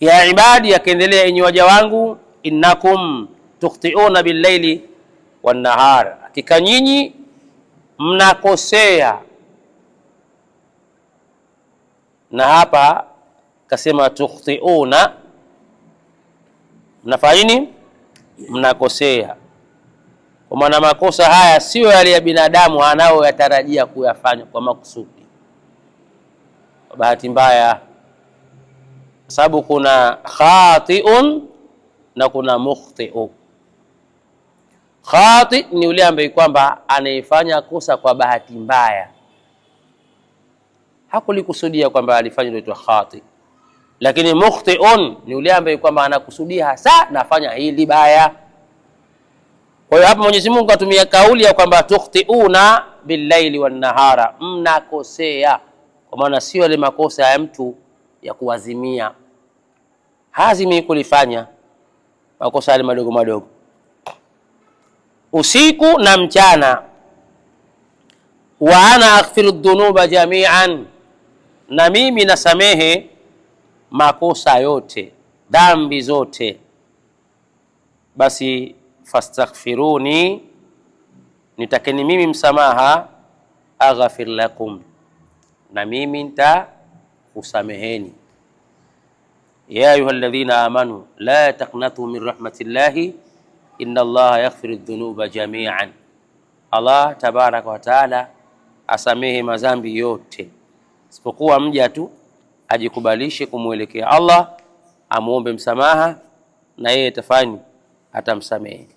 ya ibadi yakaendelea, enyi waja wangu, innakum tukhtiuna billaili wan nahar, hakika nyinyi mnakosea. Na hapa kasema tukhtiuna, mnafaini mnakosea kwa maana makosa haya siyo yale ya binadamu anayoyatarajia kuyafanya kwa makusudi. Kwa bahati mbaya sababu kuna khatiun na kuna mukhtiu. Khati ni yule ambaye kwamba anaifanya kosa kwa bahati mbaya, hakulikusudia kwamba alifanya itwa khati. Lakini mukhtiun ni yule ambaye kwamba anakusudia hasa nafanya hili baya. Kwa hiyo hapa Mwenyezi Mungu atumia kauli ya kwamba tukhtiuna billaili wan nahara, mnakosea kwa maana sio ile makosa ya mtu ya kuwazimia. hazimi kulifanya makosa yale madogo madogo usiku na mchana. Wa ana aghfiru dhunuba jamian, na mimi nasamehe makosa yote, dhambi zote. Basi fastaghfiruni, nitakeni mimi msamaha, aghfir lakum, na mimi nita kusameheni. Ya ayuha alladhina amanu la taqnatu min rahmatillahi inna allaha yaghfiru dhunuba jami'an, Allah tabaraka wa taala asamehe madhambi yote isipokuwa mja tu ajikubalishe kumwelekea Allah, amuombe msamaha na yeye tafani atamsamehe.